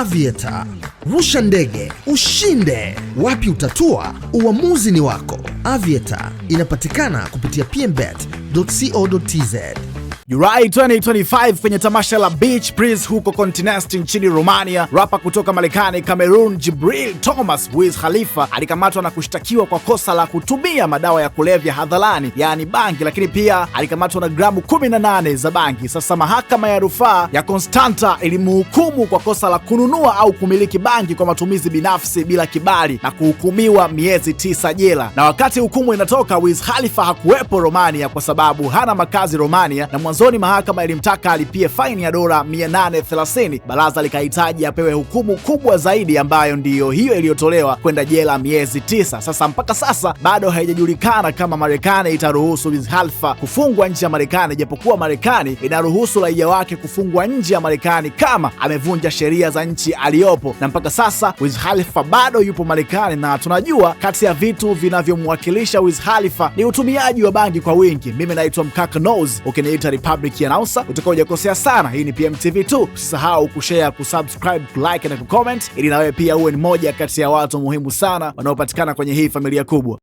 Aviator. Rusha ndege, ushinde. Wapi utatua? Uamuzi ni wako. Aviator inapatikana kupitia pmbet.co.tz. Julai 2025 kwenye tamasha la Beach Breeze huko Continest nchini Romania, rapa kutoka Marekani Cameroon Jibril Thomas Wiz Khalifa alikamatwa na kushtakiwa kwa kosa la kutumia madawa ya kulevya hadharani, yaani bangi, lakini pia alikamatwa na gramu 18 za bangi. Sasa mahakama ya rufaa ya Constanta ilimhukumu kwa kosa la kununua au kumiliki bangi kwa matumizi binafsi bila kibali na kuhukumiwa miezi tisa jela. Na wakati hukumu inatoka, Wiz Khalifa hakuwepo Romania kwa sababu hana makazi Romania na mwanzo Mwanzoni mahakama ilimtaka alipie faini ya dola 830. Baraza likahitaji apewe hukumu kubwa zaidi, ambayo ndiyo hiyo iliyotolewa kwenda jela miezi tisa. Sasa mpaka sasa bado haijajulikana kama Marekani itaruhusu Wiz Khalifa kufungwa nje ya Marekani, japokuwa Marekani inaruhusu raia wake kufungwa nje ya Marekani kama amevunja sheria za nchi aliyopo, na mpaka sasa Wiz Khalifa bado yupo Marekani, na tunajua kati ya vitu vinavyomwakilisha Wiz Khalifa ni utumiaji wa bangi kwa wingi. Mimi naitwa Mkaka Nose, ukiniita public announcer, utakuwa hujakosea sana. Hii ni PMTV tu, usisahau kushare, kusubscribe, kulike na kucomment ili nawewe pia uwe ni moja kati ya watu muhimu sana wanaopatikana kwenye hii familia kubwa.